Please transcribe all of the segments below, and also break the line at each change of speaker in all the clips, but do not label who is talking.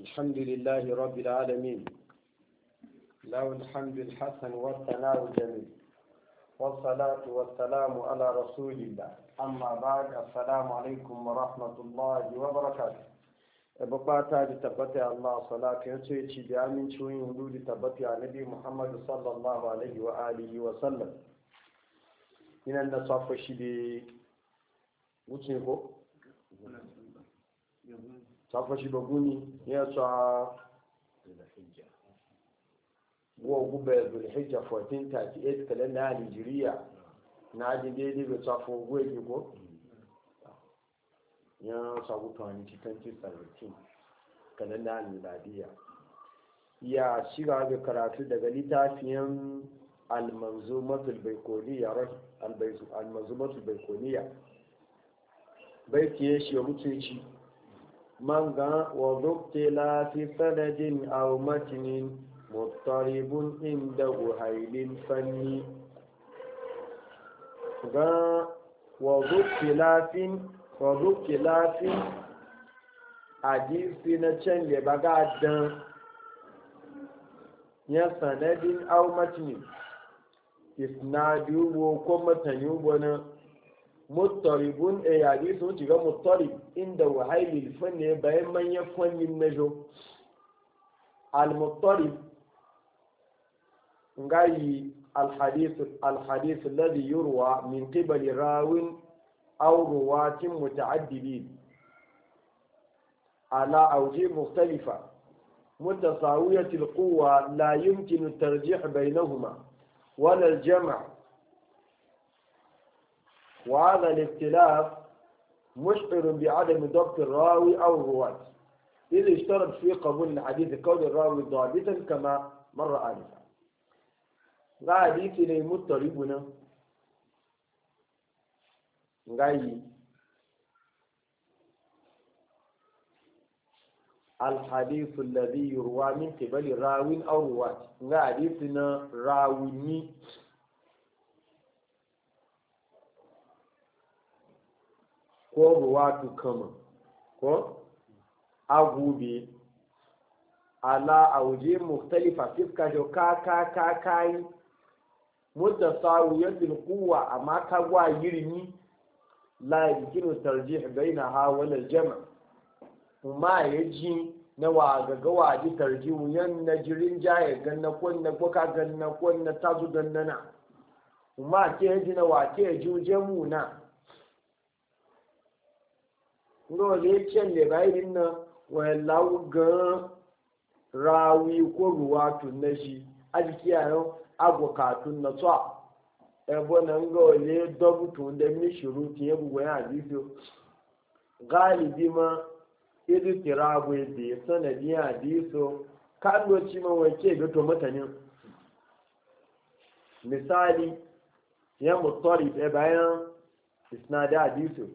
الحمد لله رب العالمين له الحمد الحسن والثناء الجميل والصلاة والسلام على رسول الله أما بعد السلام عليكم ورحمة الله وبركاته أبقى تاج الله صلاة يسويتي بأمين شوين ولود تبتع نبي محمد صلى الله عليه وآله وسلم من أن نصف شبي وشنه safashi baguni ya sa wa gube zulhijja 1438 kalenda ya nigeria mm. na ji daidai da safo gwe ke ko mm. ya sabu 2017 kalenda ya niladiya ya shiga ga karatu daga littafiyan almanzumatul baikoniya almanzumatul baikoniya bai fiye shi ya mutu ya ci man ga wa zubtila fi sanadin aw matnin muttaribun inda uhailin fanni ga wa zubtila fi wa zubtila fi hadisi na can le baga dan ya sanadin aw matnin isnadu ko matanin gwanin muttaribun e yadi sun shiga muttarib inda wahailil fanne bayan manyan fannin mejo al-muttarib ngayi الحديث الحديث الذي يروى من قبل راو أو رواة متعددين على أوجه مختلفة متساوية القوة لا يمكن الترجيح بينهما ولا الجمع وهذا الاختلاف مشعر بعدم ضبط الراوي أو الرواة إذا اشترط في قبول الحديث كون الراوي ضابطا كما مر آنفا ga hadisi ne mutaribu الحديث الذي يروى من قبل راوي أو رواة حديثنا راوني ko watu kama ko agubi ala auje muktalifa fiska jo ka ka ka kai mutta sawu yadil kuwa amma ka gwa yirni la yumkinu tarjih ha wala jama kuma yaji na wa ga wa ji tarjihu yan na jirin jaye ganna kunna ko ka ganna na tazu nana. kuma ke ji na wa ke ju jamuna na ngo le chen le bai din na rawi ko ruwa na shi ajiki tun na tsa na ngo le dogu tun da mi ya bidiyo galibi ma idu tirabu bi sanadi ya diso kan ma wace ga to mutanin misali ya mutarib e bayan isnada diso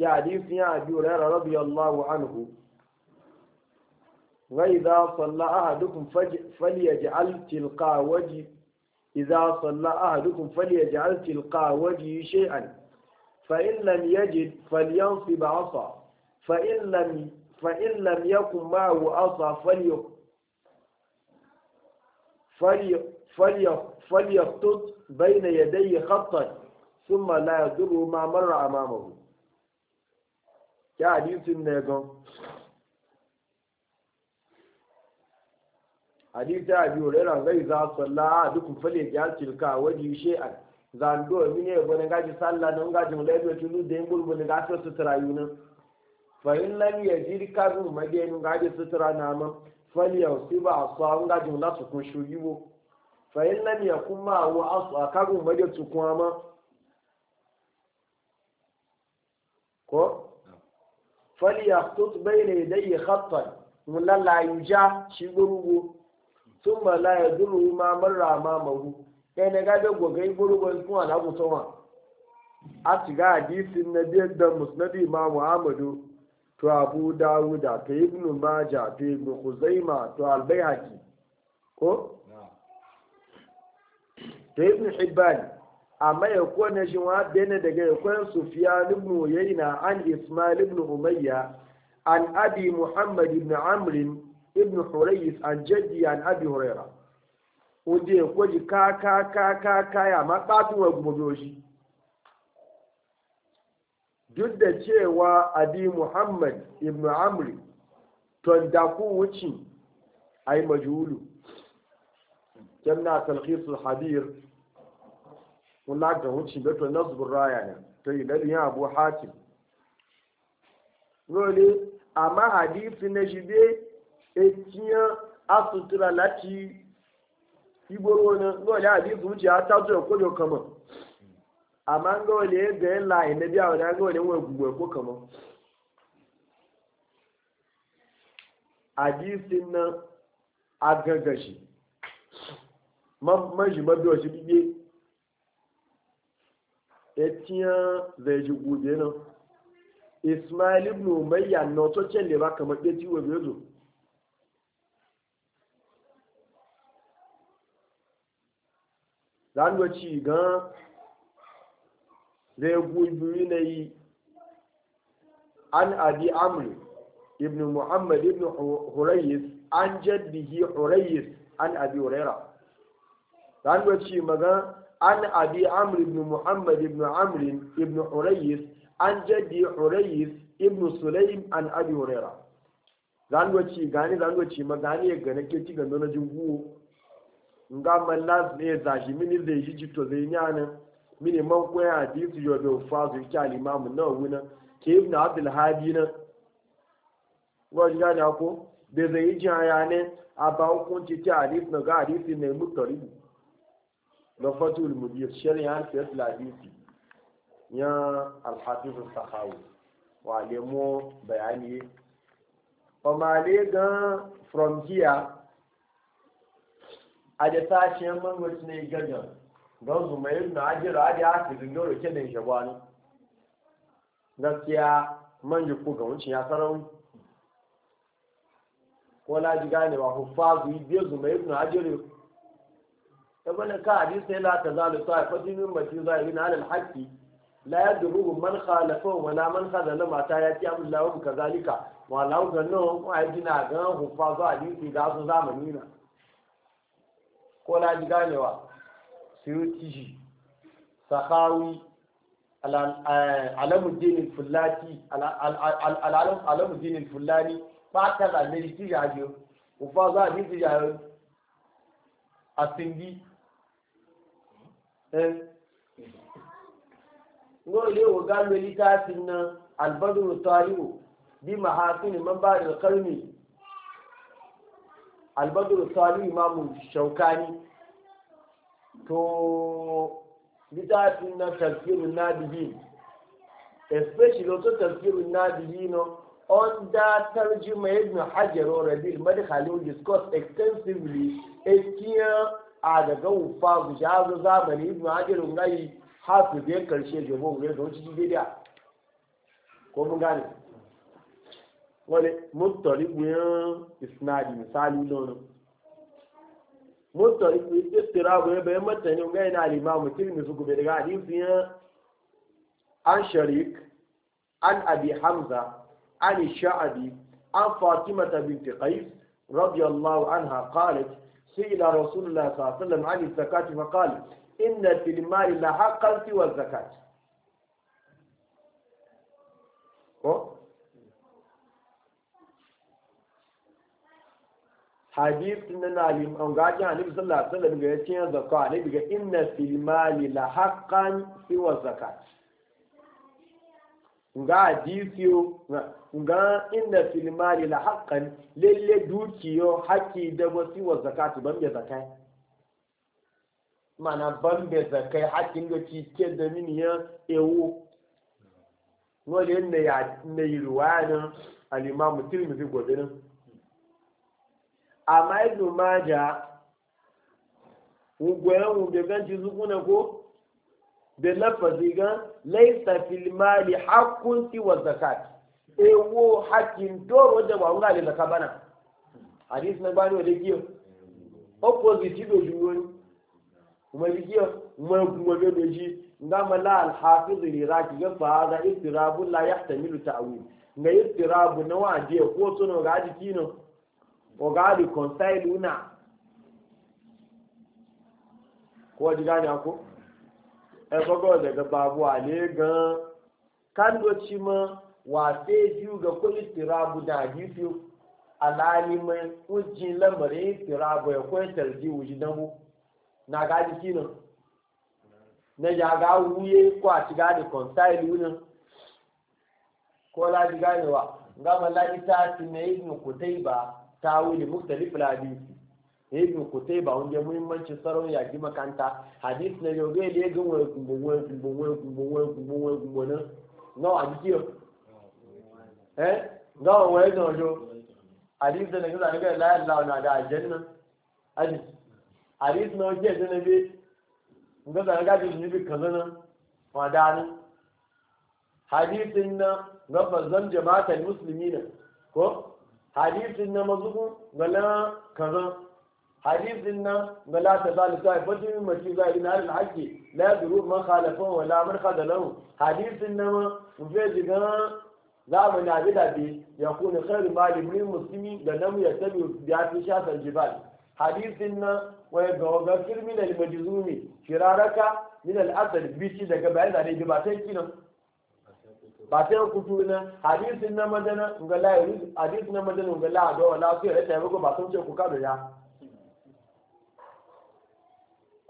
في حديث أبي هريرة رضي الله عنه وإذا صلى أحدكم فليجعل تلقى وجه إذا صلى أحدكم فليجعل تلقى وجه شيئا فإن لم يجد فلينصب عصا فإن لم فإن لم يكن معه عصا فلي فلي فليخطط بين يديه خطا ثم لا يضره ما مر أمامه kí àdísì nà ẹ̀gán àdísì àbí òrẹ́ rà ńgá ìzá sọ̀lá àdúkù fẹ́lẹ̀ ìjà tìlkà wọ́dí iṣẹ́ à zando mi ne a gaji salla na gaji mu lebe tulu da ngul bane ga so sutura yuna fa in lam yajiri kazu magenu gaji sutura na ma fali yausiba asawu gaji mu su kun shugibo fa in lam yakun ma wa aswa kazu magenu tukuma ko فليخطط بين يديه خطا ولا لا يجا شي غرغو ثم لا يدر ما مر امامه kai na gabe gogai gurgun kuma na gutoma a shiga hadisin na biyar da musnadi ma muhammadu to abu dawuda to ibnu maja to ibnu khuzaima to albayhaqi ko to ibnu amma ya kone shi wa bene daga ya kone sufiyan ibn uyayna an ismail ibn umayya an abi muhammad ibn amr ibn hurayis an jaddi an abi hurayra wanda ya kwaji ka ka ka ka ka ya ma batuwa wa shi duk da cewa abi muhammad ibn amr ton da ku wuci ai majhulu kamna talhisul hadir kula ga wuce beto nasbur raya na to yi dalilin abu hatim role amma hadisi na jibe etiyan asutura lati igboro na role hadisi wuce ya tajo ya kojo kama amma ga wale ga yin layi na biya wani ga wale wani gugu ko kama hadisin nan agagashi majimabi wasu bibiye etiyan zai ji gube nan ismail ibn umayya na to celle ba kamar ɗaya ciwo bai zo zan ci gan zai gubi na yi an abi amri ibn muhammad ibn hurayis an jaddihi hurayis an abi huraira zan ci magan عن أبي عمرو بن محمد بن عمرو بن حريث عن جدي حريث ابن سليم عن أبي هريرة gani zanwaci ma ya gane ke ci gano na jingu nga malla ne za shi mini zai shi jito zai nyana mini man koya hadisi yo do fazu ki alimamu na wuna ke ibn abdul hadi na wa ko da zai ji ayane na ga ne na fatul mudir shari'a fiyat lahisi ya alhafiz sahawi wa lemo bayani famale ga from here a da sashen mangwaci ne gajan don su mai na ajiyar ajiyar asirin yau da ke da shagwani gaskiya manji ko ga wucin ya sarau ko laji ku hufazu yi biyu zuma ibn ajiyar saboda ka hadisi la ta zalu ta fa dinin mace za yi na alal haqqi la yadruhu man khalafa wa la man khadala mata ya ti amullahu wa kazalika wa law ganno ko ai dina ga hu fa za hadisi ga su zamani na ko la ji ganewa suyuti sahawi eh, alamuddin fulati alamuddin fulani ba ta zalle shi ya yo ko fa za hadisi ya yo Eh? ga wa galo litafin nan albadru talibu bi mahasin man ba da karmi albadru talibu imamu shaukani to lita litafin nan tafsirun nadihi especially to tafsirun nadihi no under tarjuma ibn hajar or rabil madkhali we discuss extensively a a daga ufa guja zo zamani ibn hajar gari hafi da karshe jabo ne da wuce bidiya ko mun gane wani muttari buyan isnadi misali nono muttari ku istira buyan bayan matani ngai na limamu tilmi su gube daga hadisi ya an sharik an abi hamza an sha'abi an fatima fatimata binti qais radiyallahu anha qalat سئل رسول الله صلى الله عليه وسلم عن الزكاة فقال إن في المال لحقا سوى na nalim an hannu sallallahu alaihi wasallam ga yace zakka ne daga inna fil mali la zakat nga hadisiyo nga inna fil mali la haqqan lalle dukiyo haki da wasi wa zakatu ban da zakai mana ban da zakai haki da ci ke da miniya ewo wale ne ya ne ruwana al imam tirmidhi godin amma ibn majah ugwe un da ganci zukuna ko da lafazi gan laisa fil mali haqqun wa zakat ewo hakin doro da wa nga le zakat bana hadis na bani wa dikiyo opposite do juwon kuma dikiyo kuma kuma ji. doji ma la al hafiz li raki ga fa da istirabu la yahtamilu ta'wil nga istirabu na waje ko no ga kino o ga di consailuna ko ji gane ko ebogo daga babu ale gan Kando kandoci ma wa sai biyu ga kuli tirabu da hadisi alalimin ujin lamarin tirabu ya kwai tarji wuji dan mu na gaji kinan na ya ga wuye ko a shiga da constile wunan ko ladi diga ne wa ga mallaki ta sinai ibn kutaiba ta wuli mukhtalif hadisi ya yi kutai ba wunde muhimmancin tsaron yaki makanta hadis na yau ga ile ga wani kumbo wani kumbo wani kumbo wani kumbo wani kumbo nan nawa a jikiyo eh nawa wani zan wajo hadis da na gaza na gaza layar lawa na da aljanna hadis hadis na wajen da na bi gaza na gaji ne bi kaza na ma da nan hadisin na gaba zan jama'atar musulmi na ko hadisin na mazubu ga na kaza hadisin nan ga la ta zalu sai fa tun mace ga ina al haqqi la yadru man khalafa wa la man khadalahu hadisin nan mu na bi da bi ya kunu khairu mali min muslimi da nam ya tabi bi ati shafal jibal hadisin nan wa ya ga fil min al majzumi daga bayan da ba sai hadisin madana ga la hadisin na ba ku da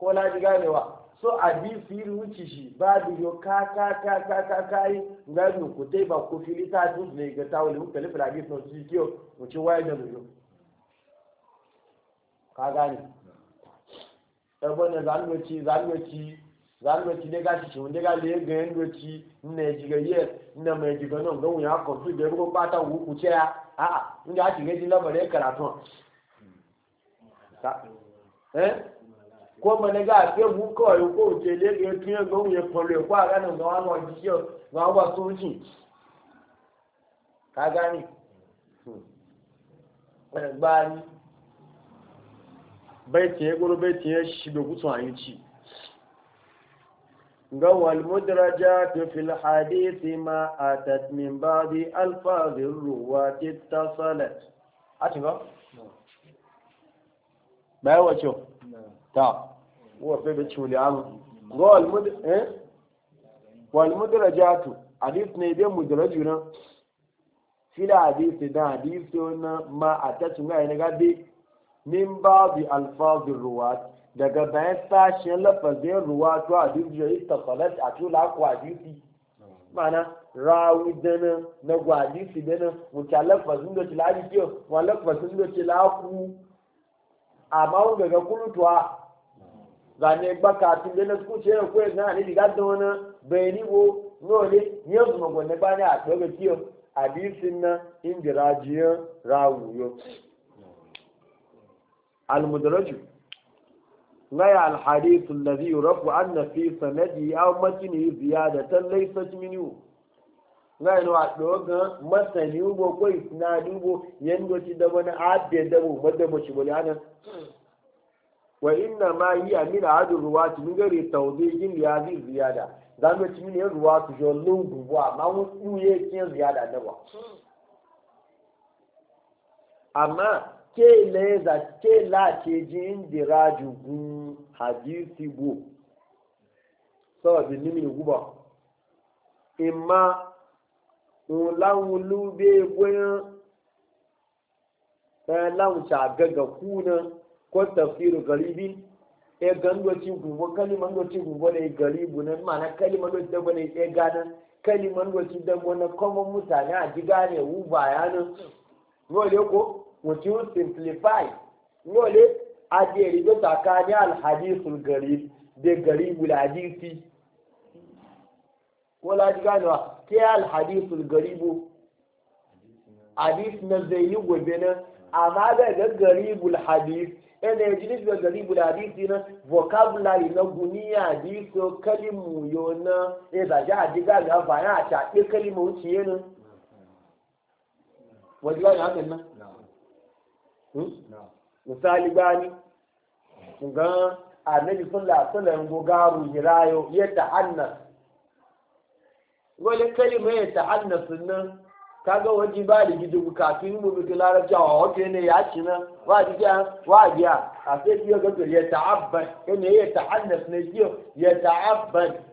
ko laji ganewa so a bi fili wuce shi ba da yo ka ka ka ka ka ka yi gani ku dai ba ku fili ta du ne ga tawali ku kalli bi na su kiyo mu ci waye da zuyo ka gane ɗabon da zanuwaci zanuwaci zanuwaci ne gashi shi wanda ga le ga ci ne jiga ye ne mai jiga nan ga wuya ko su da ruwan bata ku ce ya a a ne ake gaji labarai karatu eh ko mana ga ke bu kawai ko ce le ga tun ya gawo ya kwallo ko a wani wani ciyo ga ba ka gani ba bai tiye guru bai tiye shi bai gutsu a yi ci ga wal mudraja fi fil ma atat min ba'di alfazir ruwati tasalat a ci ba bai wace ta wa fe be chuli am gol mud eh wal mudrajatu hadith ne be mudrajuna fila hadith da hadith na ma atatu ga ne gabe min bi alfazir ruwat daga bayan sashen lafazin ruwa to hadith ya istaqalat atula ku hadisi mana rawi dana na gwadisi dana wuce lafazin da ci la hadisi wa lafazin da ci la ku amma wanda ga kulutuwa zane gbaka tun da na kuce yau kuwa na ne diga da wani bayani wo nole yau zuma gwanne ba ne a tsoga kiyo a bisin na indirajiyar rawuyo almudaraju ngaya alhadithu alladhi yurafu anna fi sanadi aw matni ziyadatan laysat minhu ngaya no adoga masani ubo ko isnadi ubo yendo ci da wani abbe wa inna ma yi amina hadu ruwa ci mun gare taude yin ya zai ziyada za mu ci mini ruwa su jo lungu wa ma mun tsuye kin ziyada da wa amma ke le za ke la ke jin diraju gun hadisi go so bi ni mi guba imma un lawun lube gwen eh lawun cha gaga kunan ko tafsiru garibin e gandoci gugu kaliman doci gugu ne garibu nan mana kaliman ci dabba ne e, e ganan kaliman doci dabba na kuma mutane a ji u wu bayanin nole ko wuce simplify nole a jeri da tsakanin alhadisul garib da garibu da hadisi ko la ji ganewa ke hadithul garibu hadith na zai yi gobe nan amma ga garibul hadith ene jini da gari bu hadisi na vocabulary na guniya hadisi kalimu yo e e na e hmm? da ja diga ga ba ya ta ke kalimu wuce yana wajen ga hakan nan misali gani ga annabi sallallahu alaihi wasallam gogaru jirayo ya ta'annas wani kalimar ya ta'annas nan kaga wajen ba da gidi bukatun mu bi larabci a wato ne ya ci nan wa jiya wa jiya a sai fiye ga to ya ta'abban ne ya ta'annas na biyo ya ta'abban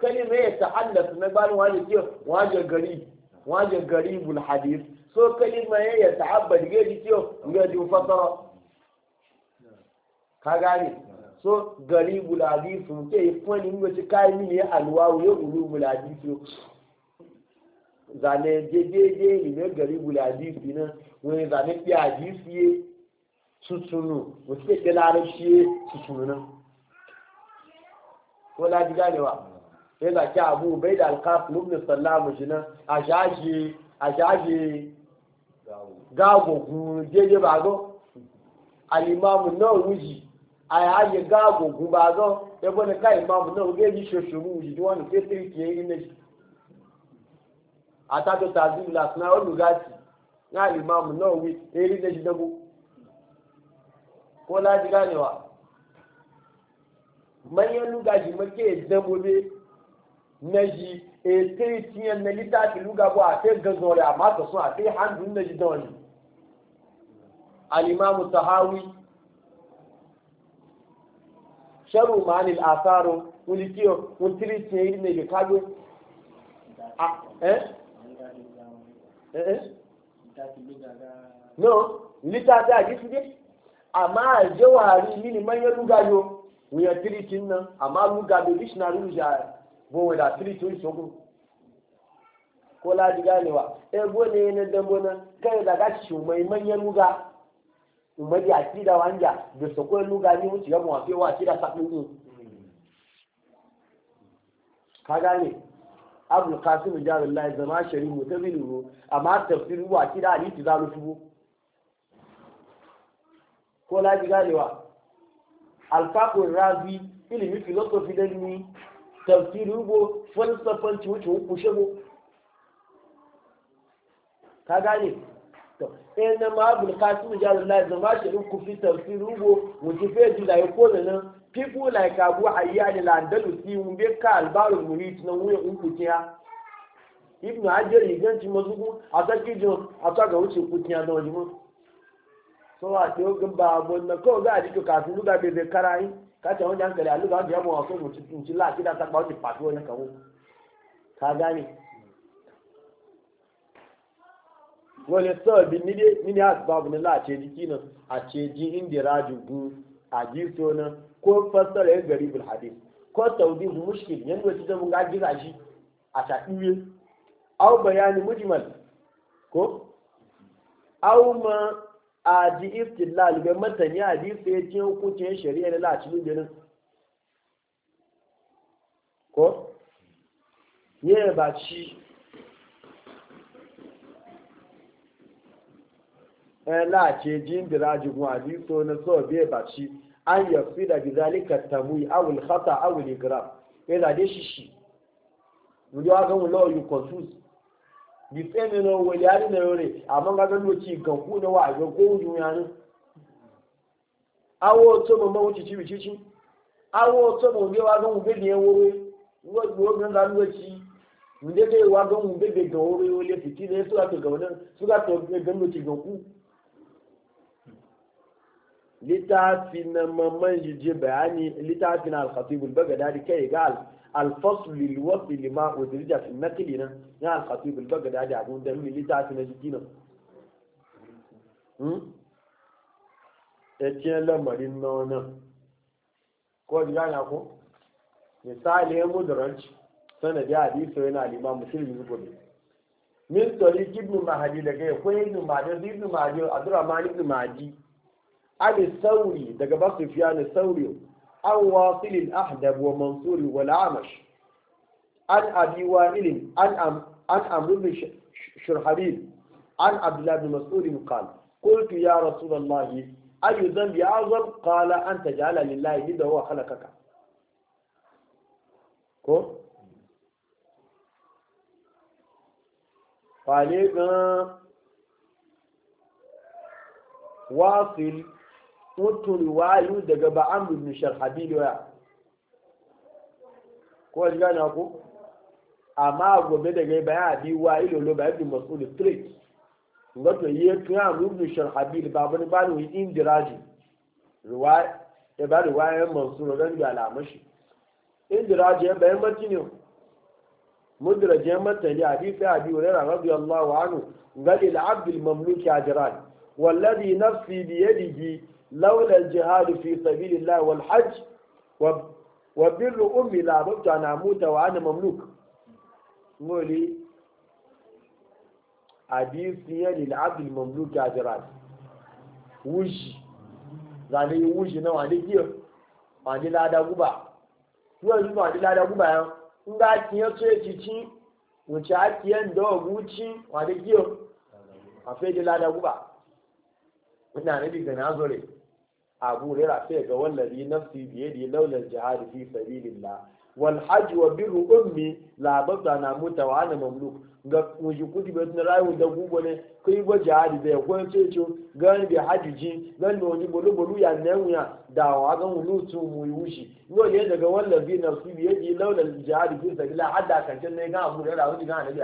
kani mai ya ta'annas na ba wani biyo wajen gari wajen gari bul hadith so kalima ya ya ta'abban ga ji biyo ga ji fasara ka gane so gari bul hadith mun ke fani mun ci kayan mini alwawo ya ulu bul hadith zane dédédé ìwé garibu la àdìsí na wọn zane pé àdìsí yé tutunu wọn ti pèsè lára sí tutunu na wọn láti gane wa yẹn la kí abu bẹ́ẹ̀dà alkaaf lómìnir sàlámù jìnnà àṣàṣe àṣàṣe gáàgògùn dédé bàgọ́ alimami náà wúyì àyàyè gáàgògùn bàgọ́ ẹgbẹ́ ní ká ìmáàmù náà wọ́n gé ní ṣoṣoro wúyì tí wọ́n ní pé tètè yé ní la, wi tàbí làtúná olùgáàtì ní àlìmáàmù náà wí eré lẹ́jì dẹ́gbó kó láti gáàníwá manyan lugaji make dambobe na ji ete tiyan na littafi bo a te gazore a mata so a te hannu na ji da wani alimamu tahawi sharu ma'anil asaro wulikiyo wutiri tiri, yi ne ga kago eh Eh, eh. no littafi a gisu dai amma a jawari mini manyan lugayo wuyan tiritin nan amma lugado dictionary a bowe da tiritin sogun ko laji ganewa ego eh, ne na dambo na kai da gashi mai manyan luga umari a kida wanja da sokon luga ne mun shiga mu wa kida sabin hmm. ka gane abul qasim jarullahi zama shari'u mutazilu amma tafsir wa kida ali zalu tubu ko laji ganewa alfaqur razi ilimin philosophy da ni tafsir ugo falsafanci wuce ku shego ka gane to eh na ma abul qasim jarullahi zama shari'u ku fi tafsir ugo wuce fe ji da ko nan people like abu ayyad al anya un be ka albarul murid na wuya un kutiya ibn hajar igan ti mazugu ataki jo ataga wuce kutiya da wajimu so a ti o gba abo na ko ga di ko ka tun luga be be karai ka ta wanda hankali aluga bi amo aso mu tun ti la ti da ta pa o ti patu wona kawo ka a ko fassara ya garibul hadis ko taudih mushkil yan wace da mun ga gina shi a taɗiye au bayani mujmal ko au ma a ji istilal ga matani hadisi ya ce hukuncin shari'a na lacinin birnin ko yẹ ba shi. ci ẹ láàkejì ń dìra jùgbọ́n àdìsọ na sọ́ọ̀bí ẹ̀ ba shi. an yafi da bi tamuyi awul khata awul igram ila de shishi mujo aga mu lo you confuse bi femi no wo yari na yore amma ga gando ci ganku na wa ga ko ju yanu awo to mo mo ci ci ci awo to mo ge wa ga mu be ni ewo da lu ci mu de ge wa ga mu ga ore wo le fiti ne to ci ganku littafi na mamman jije bayani littafi na alkhatibul bagadadi kai ga alfasul lil lima udrija fi naqli ya alkhatibul bagadadi abun da mi littafi na jiki na hmm yace lamarin nona ko diga na ko misali ya mudranci sanadi hadisi yana al-imam muslim yugo min tariq ibn mahdi daga ko ibn mahdi ibn mahdi abdurrahman ibn mahdi ali sauri daga basu fiya ne sauri an wasilin ahdab wa mansuri wa la'amash an abi wa an amurin an abdullabi masurin kan kultu ya rasu da mahi ayu zambi azab kala an ta jala lillahi ni da wa halakaka wato riwayu daga ba amru ibn sharhabil waya ko ji gane ku amma gobe daga bayan abi wa ilo lo ba ibn mas'ud straight wato yi ya amru ibn sharhabil ba bani ba ni indiraji riwaya ya ba riwaya mansur dan ga alamashi indiraji ya bayan matinin mudrajin matani hadisi abi hurairah radiyallahu anhu ngalil abdul mamluki ajran والذي نفسي بيده laula al-jihadu fi sabilillah wal hajj wa wa birru ummi la babtu ana muta wa ana mamluk ngoli hadisi ya lil abd al mamluk ajran wuji zani wuji na wani giyo wani lada guba wani zuwa wani lada guba yan in ga kiyan so ya cici wuce a kiyan da wuci wani giyo a lada guba ina nabi ga na zore abu rera sai ga wallazi nafsi da laulal jihad fi sabilillah wal hajj wa bi ummi la badana muta wa ana mamluk ga kuji kudi ba tun rayu da gugu ne kai go jihad da ya kwan ga gan bi hajji gan ni ji bolu bolu ya nanya da wa ga lutu mu yushi no ne daga wallazi nafsi biyadi laulal jihad fi sabilillah hadda kan ne ga abu rera wani ga annabi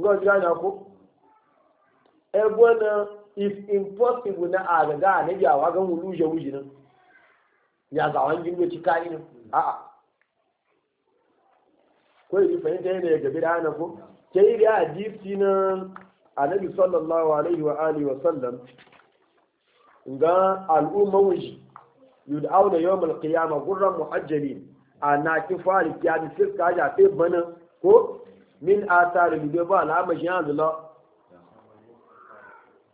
Ngọ́ jẹ́ àyàkó, ẹgbọ́n náà is impossible na a ga ga na jawa ga wulu je wuji nan ya ga wangin go cika ni a a ko yi fahimta ne ga bid'a na ko sai yi da hadisi na annabi sallallahu alaihi wa alihi wa sallam ga al'umma wuji da yawm al qiyama gurran muhajjalin ana ya kiyami fiska ja te bana ko min asar bi ba al'amashi yanzu Allah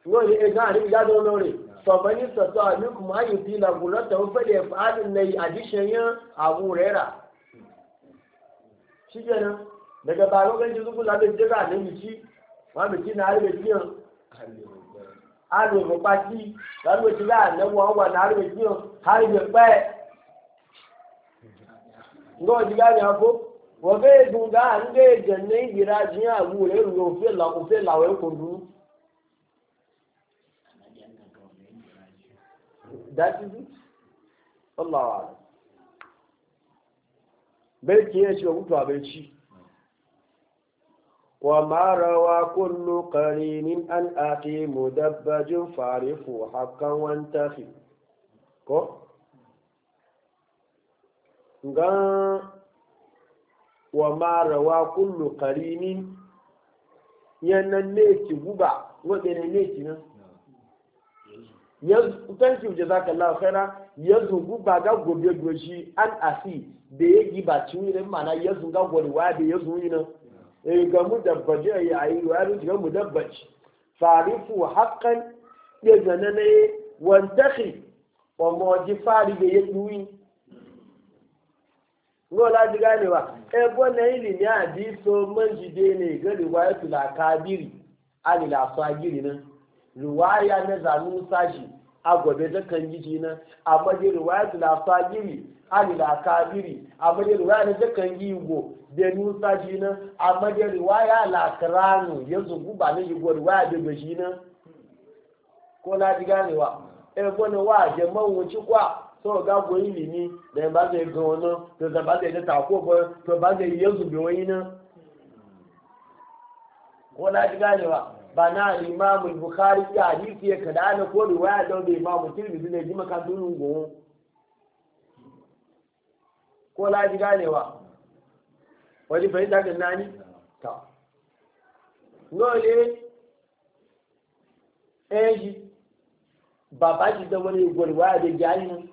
wani ɗan hannun ya zama nauri famani sassu a nuku ma yi fi lagunar ta da ya fa'adin na a dishin yin abu rera shi kenan daga baro ganci zuku na na na ga dunga jiya la la kundu dájúdú ọlọ́wà rẹ̀ bẹ́ẹ̀ ya ce ṣe òkútù àbẹ̀ṣí wà máa rawa kullu kàrí ní an àti mọ̀dábájú farifu hakan wọn tafi Ko? gan wa ma rawa kullu qarinin yanan ne ki guba wadane ne ki nan Yanzu thank you jazakallahu khaira yanzu guba ga gobe goshi an asi da ya giba ci wani mana yanzu ga gobe wa da yanzu yi nan eh ga mu eh, yi a ayi wa ru ga mu dabbaji farifu haqqan ya zanana ne wantakhi wa moji fari da ya duyi Rola ji ganewa, ebo eh, na yi ilimi a ji so manjide ne ga riwayatul akabiri, alila su a giri nan. riwaya na zanu sashi a gobe da kan giji na amma dai riwaya da lafa giri ali da kabiri amma dai riwaya na da kan go da nu sashi na amma dai riwaya la karanu ya zugu ba ne gigo riwaya da gashi na ko na ji gane wa e gona wa je mawuci kwa so ga goyi limi da ba zai ga wani to da ba zai ta ko ba to ba zai yanzu bi wani na ko na ji ganewa ba na imamu bukhari ya hadisi ya kada na ko da waya da imamu tirmidhi ne jima kan dunun go ko la ji ganewa wani fahimta kan nani ta nole eh baba ji da wani waya da jani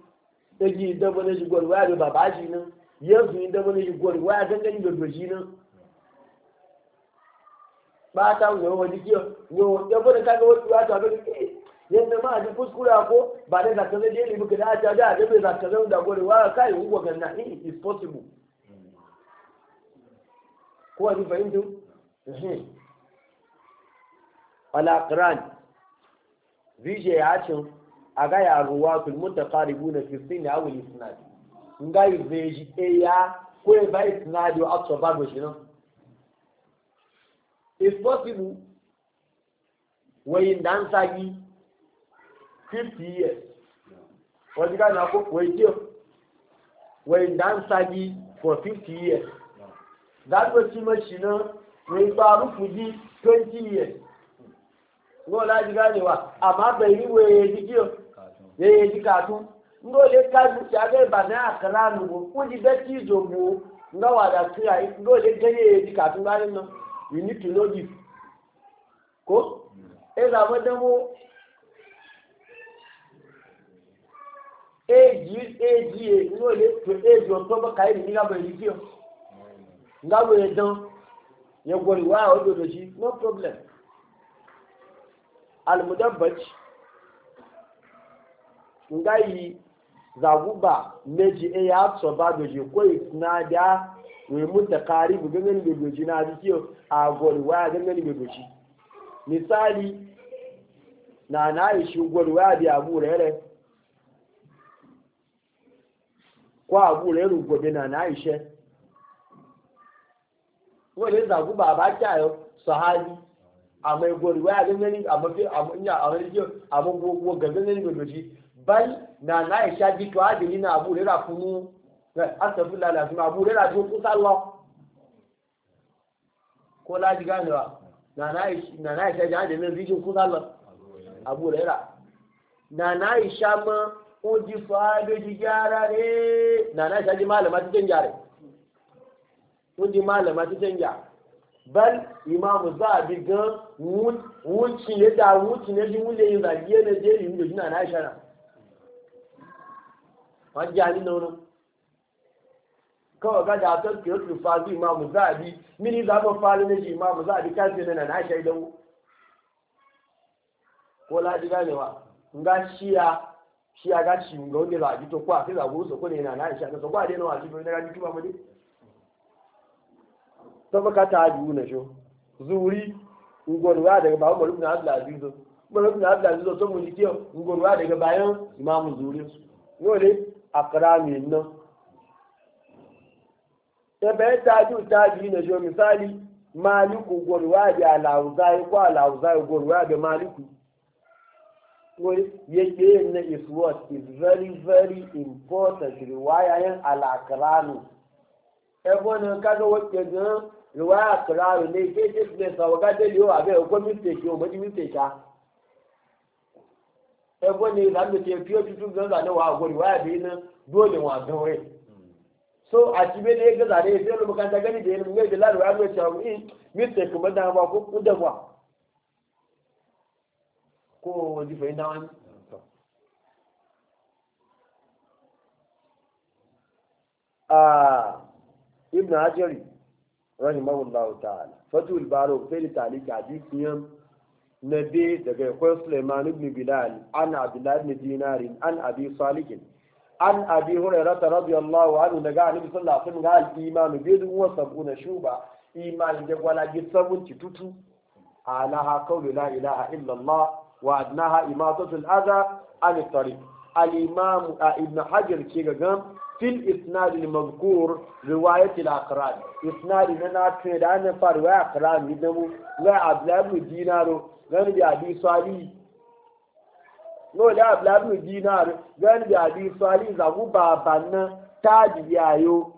eji da wani waya da baba ji nan yanzu da wani gwarwa da gani da doji nan bata mu yawan wani kiyo yo ya bude kaga wasu ba ta bude yadda ma a ji kuskura ko ba da zaka zai dai muka da ta da da bai zaka zai da gore wa kai uwa ganna in it is possible ko ani fahimtu ala qran vije ya cin a ga ya ruwa kul karibu na 15 aw al isnad ngai veji e ko ba isnad wa atsabago shi nan if possible wẹ̀yìn dáńsá yìí fifty years wọ́n for fifty years dágbé tí mo ṣì ná wey bá arúfù yìí twenty years wọ́n láti ká ní wa àmọ́ àgbẹ̀ yìí èyí kí o èyí kàtún ngó lè kájú sí àkàrà bẹ́ẹ̀ tí lè èyí kàtún bá nínú. you need to know this ko e eh, zama damo age eh, age no le to age o to ba kai ni ga ba ri ti o wa o no problem al mudabbaj ngai zaguba meji e ya so ba do da wai mutta karibu gangan bedoci na ji kiyo a gwarwa gangan bedoci misali na na yi shi gwarwa da abu rere ko abu rere gobe na na yi she wani zagu ba ba kyayo sahabi a mai gwarwa gangan a mafi a mai kiyo a mai gwarwa gangan bedoci bal na na yi sha ji to na abu rere kunu asafúnlá làtí máa búrẹ́ láti ó kú sá lọ kó láti gáàlì wa nàná ìṣẹ́jà á dẹ̀mẹ́ fíjì kú sá lọ àbúrẹ́ rà nàná ìṣá mọ́ ó di fa lójú jára rẹ̀ nàná ìṣájú máa lọ́mọ́ títẹ̀ ń jà rẹ̀ ó di máa lọ́mọ́ títẹ̀ ń jà bal imamu zabi gan wuncin ne da wuncin ne jin wule yin zagiye na jeri yin da jina na aisha na wajen jani na kawai ga da atar ke yau fazi imamu zabi mini zaɓin fali na shi imamu zabi kan sai na na shaidan ko laji ganewa nga shiya shiya ga shi nga a ji to kwa sai zaɓi su na na a na ne na ji tuba mu dai ta ta zuri ngwarwa daga babu malu na mun ji daga bayan imamu zuri ne nan tẹbẹ tájú tájú yìí nàṣọ misali máàlùkù gòrùwádìí àlàwùzáyé kó àlàwùzáyé gòrùwádìí máàlùkù. yake na is what is very very important riwaya yin alakaranu ẹgbọ́n kaga wọ́pẹ̀ gan riwaya karanu ne ke ke ne sawaga dali yau abẹ́ ẹ̀kọ́ mistake yau maji mistake a ẹgbọ́n ne zamu ke fiye tutu gan zanewa a gwari waya bai nan dole wa gan wai so a ci bai da ya gaza da ya sai wani makanta gani da ya nemi da lalwa ya mai cewa in eh, mista kuma da ba ko kuda ba ko wani fahimta wani a ibn hajjari rani rahimahullah ta'ala fatul baro fili taliki hadisiyan na bi daga ikon suleiman ibn bilal an abdullahi ibn dinarin an abi salikin an abi hurairah radiyallahu anhu daga annabi sallallahu alaihi wasallam ga al-imanu bi duwa sabuna shuba iman da gwala gi sabunci tutu alaha qawlu la ilaha illa allah wa adnaha imatatu al-adha an at-tariq al-imam ibn hajar ke ga gam fil isnad al-mazkur riwayat al-aqran isnad na tunda da an fara wa aqran gidamu wa abdullah dinaro gani da abi salih no le ablabu dinar gan da bi sali za ku baban taji yayo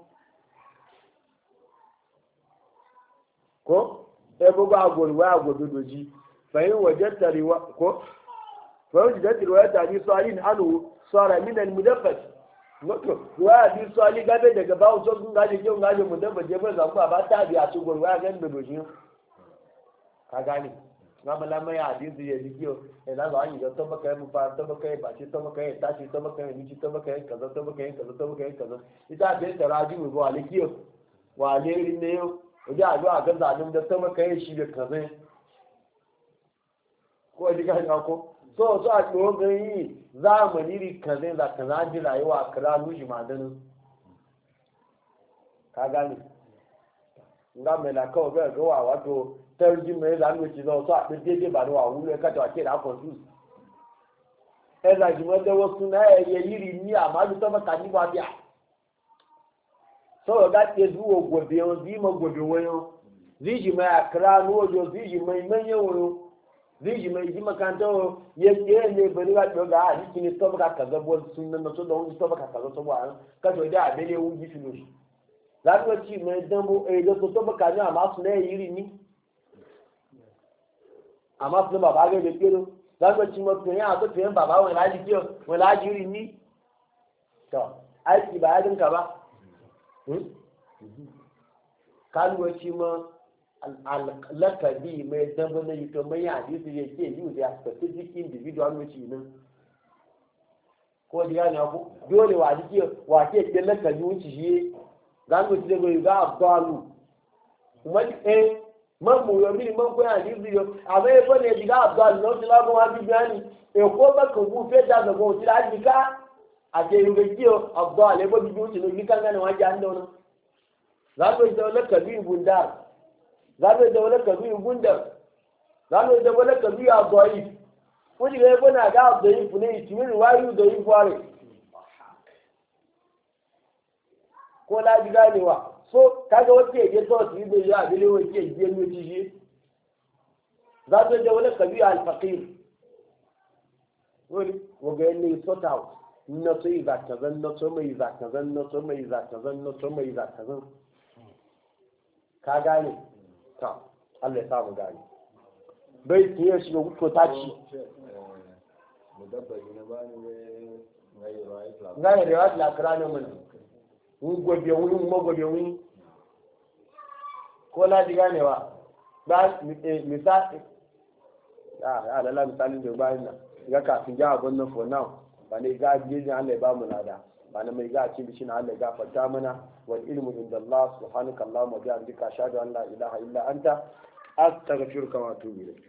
ko e bugo agol wa agodo doji fayin wajatta riwa ko fayin wajatta riwa e ta bi sali anu sara min al mudaffas wato riwa bi sali gabe daga bawo so sun gaje ke gaje mudaffas je ba za ku ba taji a su gol wa gan da doji ka gani. ramala mai hadisi ya ji kiyo ina za a yi ga ta maka yi mufa ta maka yi bace ta maka yi tashi ta maka yi mici ta maka yi kaza ta maka yi kaza ta maka yi kaza ita bai ta raji mu wale kiyo wale rin ne yau wajen a zo a gaza nan da ta maka yi shi da kaza ko ji ka ko so so a tsohon gani zamani ri kaza za ka za ji rayuwa kira lushi madanin ka gane nga me na kawai ga wato tẹ́rìjìmọ̀ ẹ̀zà ń lòtì náà sọ àpé déédéé bàdó àwúlò ẹ̀ka tó àkéèrè àkọ́jú. ẹ̀zà ìjùmọ̀ tẹ́wọ́ sún náà ẹ̀yẹ yìrì ní àmàlù tọ́mọ̀ kà níbo abíà. sọ̀rọ̀ bá ti du ògòdè wọn bí mo gòdè wọn yọ. zíjìmọ̀ àkàrà ní ojo zíjìmọ̀ ìmẹ̀yẹ wọn yọ. zíjìmọ̀ ìjìmọ̀ kàńtọ́ wọn yẹ kí ẹ̀ lè bẹ̀rẹ̀ wá tó ga àdìsí ni tọ́mọ̀ kà kàzọ́ bọ́ sún náà tó lọ́wọ́ ní tọ́mọ̀ kà kàzọ́ sọ́wọ́ àrùn kàtọ́ ìdá àbẹ́lẹ̀ ewu yìí fi lòdì. láti wọ́n ti mọ̀ ẹ̀ dánwó ẹ̀ lọ́sọ̀ tọ́mọ̀ kà ní àmọ́ fún bàbá rẹ̀ lè gbé ló lọ́gbọ̀n tí mo fi hàn àti fi hàn bàbá wọn láti kí ọ wọn láti rí ní àìsí kaba kálùwẹ̀ tí mo mai zama na yi kamar yi hadisi ya ke yi da specific individual which you know ko da yana ku dole wa dike wa ke ke lakabi wuce shi zan wuce da ga abdalu kuma eh man mu yo mini man e e koya ni yo amma e fone bi ga abdal no ti la go wa bi yani e ko ba ko bu fe da la ji ka a je e yu be ti o abdal ni kan na wa ja ndo no za go da kabi bundar za go da kabi bundar za go da kabi na ga wa yu do la so kaga wacce ya je to su yi bai ya bile wacce ya je ne ji za ta je wani kabiya alfaqir wani waga ne sort out na so yi zaka zan na so mai zaka zan na so mai zaka zan na so mai zaka zan ka gane ta Allah ya samu gane bai tiye shi ga gusto ta ci mudabbaji na bani ne ngayi riwayat la qur'ani mun mun gwabe wuri mun magwabe wuri ko laji ganewa ba eh, misali ya eh, ah, ah, lalla misalin da bayan nan ga kafin ja abun nan for now ba ne ga gejin Allah ya ba mu lada ba na mai ga cin bishin Allah ga gafarta mana wal ilmu inda Allah subhanaka Allahumma bihamdika ashhadu an la ilaha illa anta astaghfiruka wa atubu ilayk